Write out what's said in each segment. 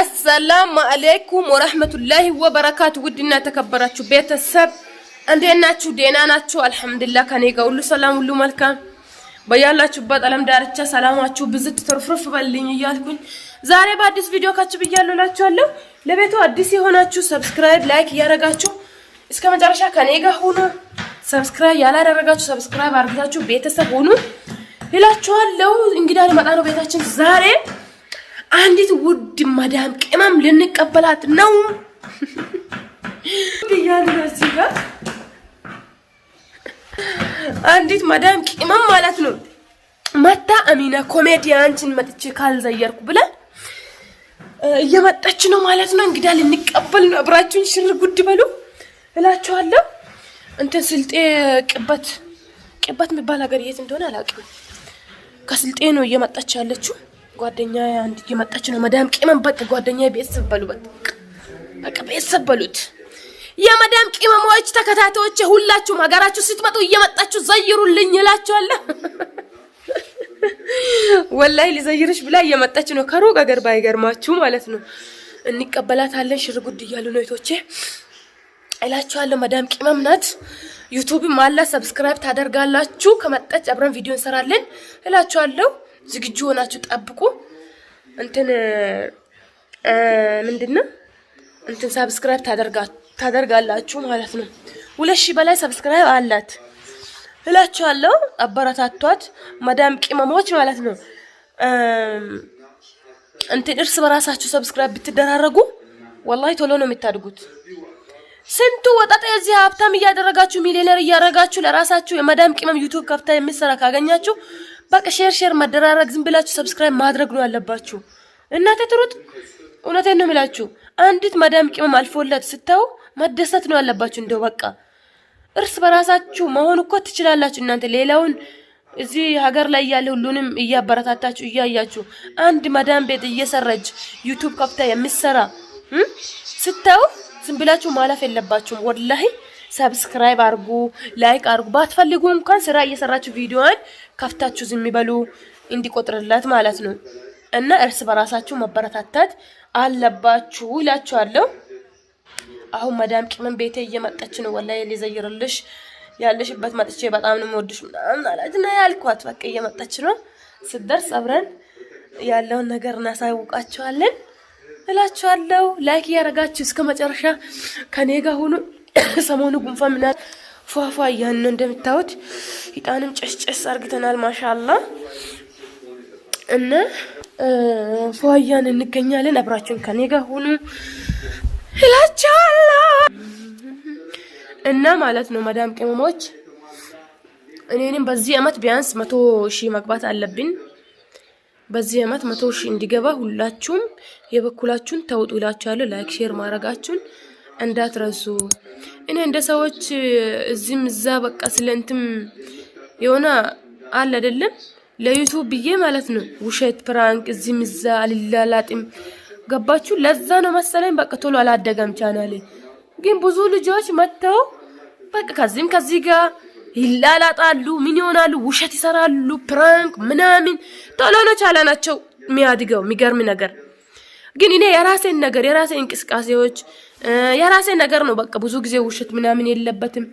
አሰላም አሌይኩም ወረህመቱላሂ ወበረካቱ። ውድና ተከበራችሁ ቤተሰብ እንዴት ናችሁ? ደህና ናችሁ? አልሐምዱሊላህ ከኔ ጋር ሁሉ ሰላም፣ ሁሉ መልካም። በያላችሁበት አለም ዳርቻ ሰላማችሁ ብዝት ትርፍርፍ በልኝ እያልኩኝ ዛሬ በአዲስ ቪዲዮ ካችሁ ብያለሁ እላችኋለሁ። ለቤቱ አዲስ የሆናችሁ ሰብስክራይብ፣ ላይክ እያደረጋችሁ እስከ መጨረሻ ከኔ ጋር ሁኑ። ሰብስክራይብ ያላደረጋችሁ ሰብስክራይብ አድርጋችሁ ቤተሰብ ሁኑ እላችኋለሁ። እንግዳ ሊመጣ ነው ቤታችን ዛሬ አንዲት ውድ ማዳም ቅመም ልንቀበላት ነው ጋር አንዲት ማዳም ቅመም ማለት ነው መታ አሚና ኮሜዲያንችን መጥቼ ካልዘየርኩ ብላ እየመጣች ነው ማለት ነው። እንግዳ ልንቀበል ነው። አብራችሁን ሽር ጉድ በሉ እላችኋለሁ። እንትን ስልጤ ቅበት ቅበት የሚባል ሀገር የት እንደሆነ አላውቅም። ከስልጤ ነው እየመጣች ያለችው። ጓደኛ አንድ እየመጣች ነው። መዳም ቅመም በቃ ጓደኛ ቤተሰብ በሉ፣ በቃ ቤተሰብ በሉት። የመዳም ቅመሞች ተከታታዮች ሁላችሁም ሀገራችሁ ስትመጡ እየመጣችሁ ዘይሩልኝ እላችኋለሁ። ወላሂ ሊዘይርሽ ብላ እየመጣች ነው ከሩቅ ሀገር፣ ባይገርማችሁ ማለት ነው። እንቀበላታለን። ሽርጉድ እያሉ ነው እህቶቼ እላችኋለሁ። መዳም ቅመም ናት። ዩቱብም ማላ ሰብስክራይብ ታደርጋላችሁ። ከመጣች አብረን ቪዲዮ እንሰራለን እላችኋለሁ። ዝግጁ ሆናችሁ ጠብቁ። እንትን ምንድነው እንትን ሰብስክራይብ ታደርጋላችሁ ማለት ነው። ሁለት ሺህ በላይ ሰብስክራይብ አላት እላችኋለሁ። አበረታቷት መዳም ቅመሞች ማለት ነው። እንትን እርስ በራሳችሁ ሰብስክራይብ ብትደራረጉ ወላሂ ቶሎ ነው የምታድጉት። ስንቱ ወጣት እዚህ ሀብታም እያደረጋችሁ ሚሊዮነር እያደረጋችሁ ለራሳችሁ የመዳም ቅመም ዩቱብ ከፍታ የምትሰራ ካገኛችሁ በቃ ሼር ሼር መደራረግ፣ ዝም ብላችሁ ሰብስክራይብ ማድረግ ነው ያለባችሁ። እናቴ ትሩት እውነቴን ነው የምላችሁ። አንዲት መዳም ቅመም አልፎላት ስታው መደሰት ነው ያለባችሁ። እንደው በቃ እርስ በራሳችሁ መሆን እኮ ትችላላችሁ። እናንተ ሌላውን እዚህ ሀገር ላይ ያለ ሁሉንም እያበረታታችሁ እያያችሁ አንድ መዳም ቤት እየሰረች ዩቱብ ከፍታ የምትሰራ ስታው ዝም ብላችሁ ማለፍ የለባችሁም ወላሂ ሰብስክራይብ አርጉ፣ ላይክ አርጉ። ባትፈልጉ እንኳን ስራ እየሰራችሁ ቪዲዮን ከፍታችሁ ዝም ይበሉ እንዲቆጥርለት ማለት ነው። እና እርስ በራሳችሁ መበረታታት አለባችሁ ይላችኋለሁ። አሁን መዳም ቅመም ቤቴ እየመጣች ነው። ወላሂ ሊዘይርልሽ ያለሽበት መጥቼ በጣም ነው የምወድሽ ምናምን አላት እና ያልኳት በቃ እየመጣች ነው። ስደርስ አብረን ያለውን ነገር እናሳውቃችኋለን እላችኋለሁ። ላይክ እያደረጋችሁ እስከ መጨረሻ ከኔ ጋር ሁኑ። ሰሞኑ ጉንፋን ምናል ፏፏ እያን ነው እንደምታዩት። ሂጣንም ጨስጨስ አርግተናል። ማሻላ እና ፏያን እንገኛለን። አብራችሁን ከኔ ጋር ሁኑ እላችኋለሁ። እና ማለት ነው መዳም ቅመሞች፣ እኔንም በዚህ አመት ቢያንስ መቶ ሺህ መግባት አለብን። በዚህ አመት መቶ ሺህ እንዲገባ ሁላችሁም የበኩላችሁን ተውጡ እላችኋለሁ። ላይክ ሼር ማድረጋችሁን እንዳትረሱ። እኔ እንደ ሰዎች እዚህም እዛ በቃ ስለ እንትም የሆነ አለ አይደለም ለዩቱብ ብዬ ማለት ነው ውሸት ፕራንክ እዚህም እዛ አልላላጥም። ገባችሁ? ለዛ ነው መሰለኝ በቃ ቶሎ አላደገም ቻናሌ። ግን ብዙ ልጆች መጥተው በቃ ከዚህም ከዚህ ጋር ይላላጣሉ፣ ምን ይሆናሉ፣ ውሸት ይሰራሉ፣ ፕራንክ ምናምን። ቶሎ ነው ቻላናቸው የሚያድገው። የሚገርም ነገር ግን እኔ የራሴን ነገር የራሴ እንቅስቃሴዎች የራሴ ነገር ነው። በቃ ብዙ ጊዜ ውሸት ምናምን የለበትም።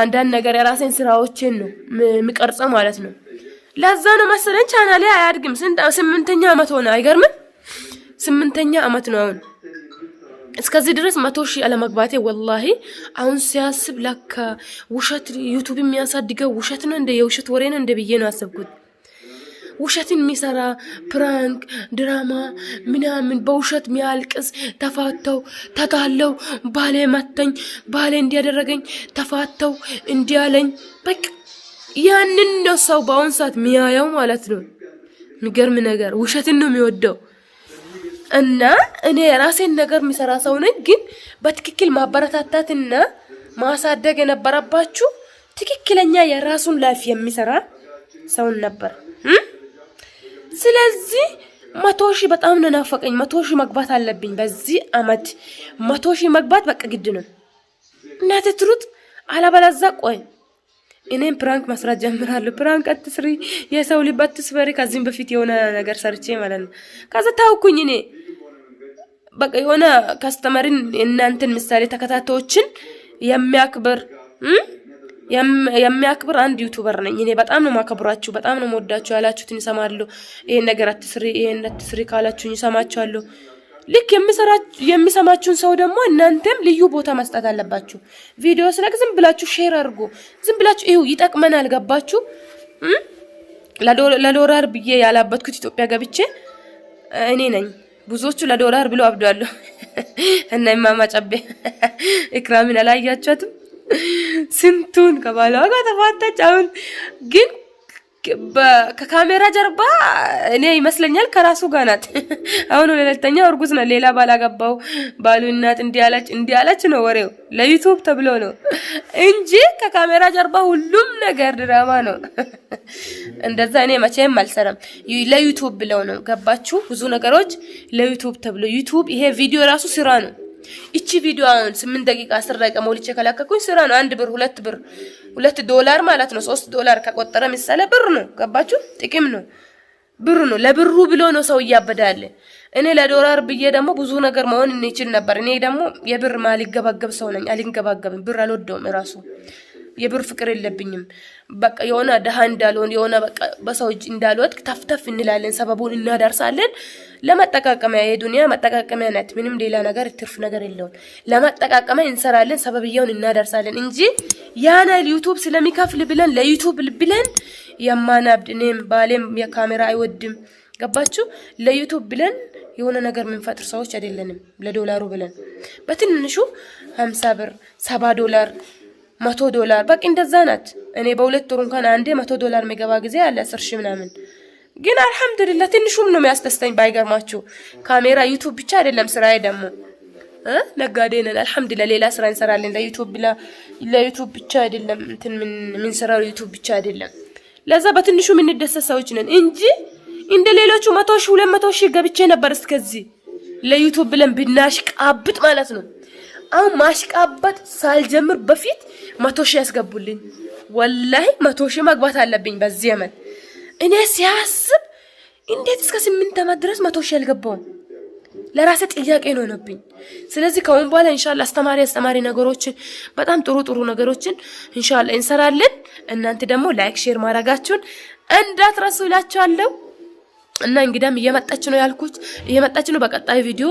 አንዳንድ ነገር የራሴን ስራዎችን ነው የምቀርጸው ማለት ነው። ለዛ ነው መሰለኝ ቻናሌ አያድግም። ስምንተኛ አመት ሆነ። አይገርምም? ስምንተኛ አመት ነው አሁን። እስከዚህ ድረስ መቶ ሺህ አለመግባቴ ወላሂ አሁን ሲያስብ ለካ ውሸት ዩቱብ የሚያሳድገው ውሸት ነው እንደ የውሸት ወሬ ነው እንደ ብዬ ነው አሰብኩት። ውሸትን የሚሰራ ፕራንክ ድራማ ምናምን በውሸት ሚያልቅስ ተፋተው ተጣለው፣ ባሌ መተኝ፣ ባሌ እንዲያደረገኝ ተፋተው እንዲያለኝ በቃ ያንን ነው ሰው በአሁን ሰዓት ሚያየው ማለት ነው። የሚገርም ነገር ውሸትን ነው የሚወደው። እና እኔ የራሴን ነገር የሚሰራ ሰው ነኝ፣ ግን በትክክል ማበረታታትና ማሳደግ የነበረባችሁ ትክክለኛ የራሱን ላይፍ የሚሰራ ሰውን ነበር። ስለዚህ መቶ ሺህ በጣም ነው ናፈቀኝ። መቶ ሺህ መግባት አለብኝ በዚህ አመት መቶ ሺህ መግባት በቃ ግድ ነው። እናቴ ትሩጥ አለበለዚያ ቆይ እኔም ፕራንክ መስራት ጀምራለሁ። ፕራንክ አትስሪ፣ የሰው ልብ አትስበሪ። ከዚህም በፊት የሆነ ነገር ሰርቼ ማለት ነው። ከዛ ታውኩኝ እኔ በቃ የሆነ ከስተመርን እናንተን ምሳሌ ተከታታዮችን የሚያክብር የሚያክብር አንድ ዩቱበር ነኝ እኔ። በጣም ነው ማከብራችሁ፣ በጣም ነው መወዳችሁ። ያላችሁትን ይሰማለሁ። ይሄን ነገር አትስሪ፣ ይሄን አትስሪ ካላችሁኝ ይሰማችኋለሁ። ልክ የሚሰማችሁን ሰው ደግሞ እናንተም ልዩ ቦታ መስጠት አለባችሁ። ቪዲዮ ስለቅ ዝም ብላችሁ ሼር አድርጉ፣ ዝም ብላችሁ ይሁ ይጠቅመናል። ገባችሁ? ለዶላር ብዬ ያላበትኩት ኢትዮጵያ ገብቼ እኔ ነኝ። ብዙዎቹ ለዶላር ብሎ አብዷሉ እና እማማ ጨቤ ኢክራሚን አላያችኋትም? ስንቱን ከባለዋ ጋር ተፋታች። አሁን ግን ከካሜራ ጀርባ እኔ ይመስለኛል ከራሱ ጋር ናት። አሁን ሁለተኛ እርጉዝ ነው። ሌላ ባላገባው ባሉ እናት እንዲያለች ነው ወሬው ለዩቱብ ተብሎ ነው እንጂ ከካሜራ ጀርባ ሁሉም ነገር ድራማ ነው። እንደዛ እኔ መቼም አልሰራም። ለዩቱብ ብለው ነው ገባችሁ? ብዙ ነገሮች ለዩቱብ ተብሎ ዩቱብ ይሄ ቪዲዮ ራሱ ስራ ነው። እቺ ቪዲዮ አሁን ስምንት ደቂቃ አስር ደቂቃ ሞልቼ ከላከኩኝ ስራ ነው። አንድ ብር ሁለት ብር ሁለት ዶላር ማለት ነው። ሶስት ዶላር ከቆጠረ ምሳሌ ብር ነው። ገባችሁ? ጥቅም ነው፣ ብር ነው። ለብሩ ብሎ ነው ሰው እያበዳለ። እኔ ለዶላር ብዬ ደግሞ ብዙ ነገር መሆን እንችል ነበር። እኔ ደግሞ የብር ማልገባገብ ሰው ነኝ። አልንገባገብም። ብር አልወደውም ራሱ የብር ፍቅር የለብኝም። በቃ የሆነ ድሃ እንዳልሆን የሆነ በቃ በሰው እጅ እንዳልወጥቅ ተፍተፍ እንላለን፣ ሰበቡን እናደርሳለን። ለመጠቃቀሚያ የዱንያ መጠቃቀሚያ ናት። ምንም ሌላ ነገር ትርፍ ነገር የለውም። ለመጠቃቀሚያ እንሰራለን፣ ሰበብያውን እናደርሳለን እንጂ ያና ዩቱብ ስለሚከፍል ብለን ለዩቱብ ብለን የማናብድ እኔም ባሌም የካሜራ አይወድም። ገባችሁ? ለዩቱብ ብለን የሆነ ነገር የምንፈጥር ሰዎች አይደለንም። ለዶላሩ ብለን በትንሹ ሀምሳ ብር ሰባ ዶላር መቶ ዶላር በቂ እንደዛ ናት። እኔ በሁለት ወር እንኳን አንዴ መቶ ዶላር የሚገባ ጊዜ አለ አስር ሺ ምናምን። ግን አልሐምዱሊላ ትንሹም ነው የሚያስደስተኝ። ባይገርማችሁ ካሜራ ዩቱብ ብቻ አይደለም ስራዬ፣ ደግሞ ነጋዴ ነን። አልሐምዱሊላ ሌላ ስራ እንሰራለን። ለዩቱብ ብቻ አይደለም እንትን ምን ዩቱብ ብቻ አይደለም። ለዛ በትንሹ የምንደሰት ሰዎች ነን እንጂ እንደ ሌሎቹ መቶ ሺ ሁለት መቶ ሺ ገብቼ ነበር እስከዚህ ለዩቱብ ብለን ብናሽ ቃብጥ ማለት ነው አሁን ማሽቃበጥ ሳልጀምር በፊት መቶ ሺህ ያስገቡልኝ። ወላይ መቶ ሺህ መግባት አለብኝ በዚህ ዘመን። እኔ ሲያስብ እንዴት እስከ ስምንት አመት ድረስ መቶ ሺህ አልገባውም? ለራሴ ጥያቄ ነው ሆነብኝ። ስለዚህ ከአሁን በኋላ እንሻላ አስተማሪ አስተማሪ ነገሮችን በጣም ጥሩ ጥሩ ነገሮችን እንሻላ እንሰራለን። እናንተ ደግሞ ላይክ ሼር ማድረጋችሁን እንዳትረሱ እላችኋለሁ። እና እንግዳም እየመጣች ነው ያልኩት እየመጣች ነው። በቀጣይ ቪዲዮ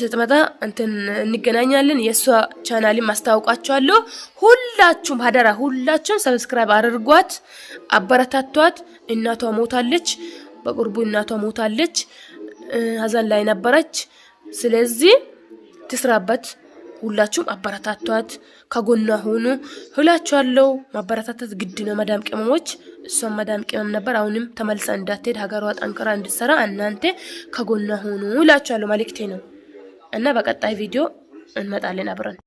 ስትመጣ እንትን እንገናኛለን። የእሷ ቻናልም አስታውቃችኋለሁ። ሁላችሁም ሀደራ ሁላችሁም ሰብስክራይብ አድርጓት፣ አበረታቷት። እናቷ ሞታለች፣ በቅርቡ እናቷ ሞታለች፣ ሀዘን ላይ ነበረች። ስለዚህ ትስራበት። ሁላችሁም አበረታቷት፣ ከጎኗ ሆኑ። እላችኋለሁ። ማበረታታት ግድ ነው። መዳም ቅመሞች፣ እሷም መዳም ቅመም ነበር። አሁንም ተመልሳ እንዳትሄድ ሀገሯ ጠንክራ እንድትሰራ እናንተ ከጎኗ ሆኑ። እላችኋለሁ። መልእክቴ ነው። እና በቀጣይ ቪዲዮ እንመጣለን አብረን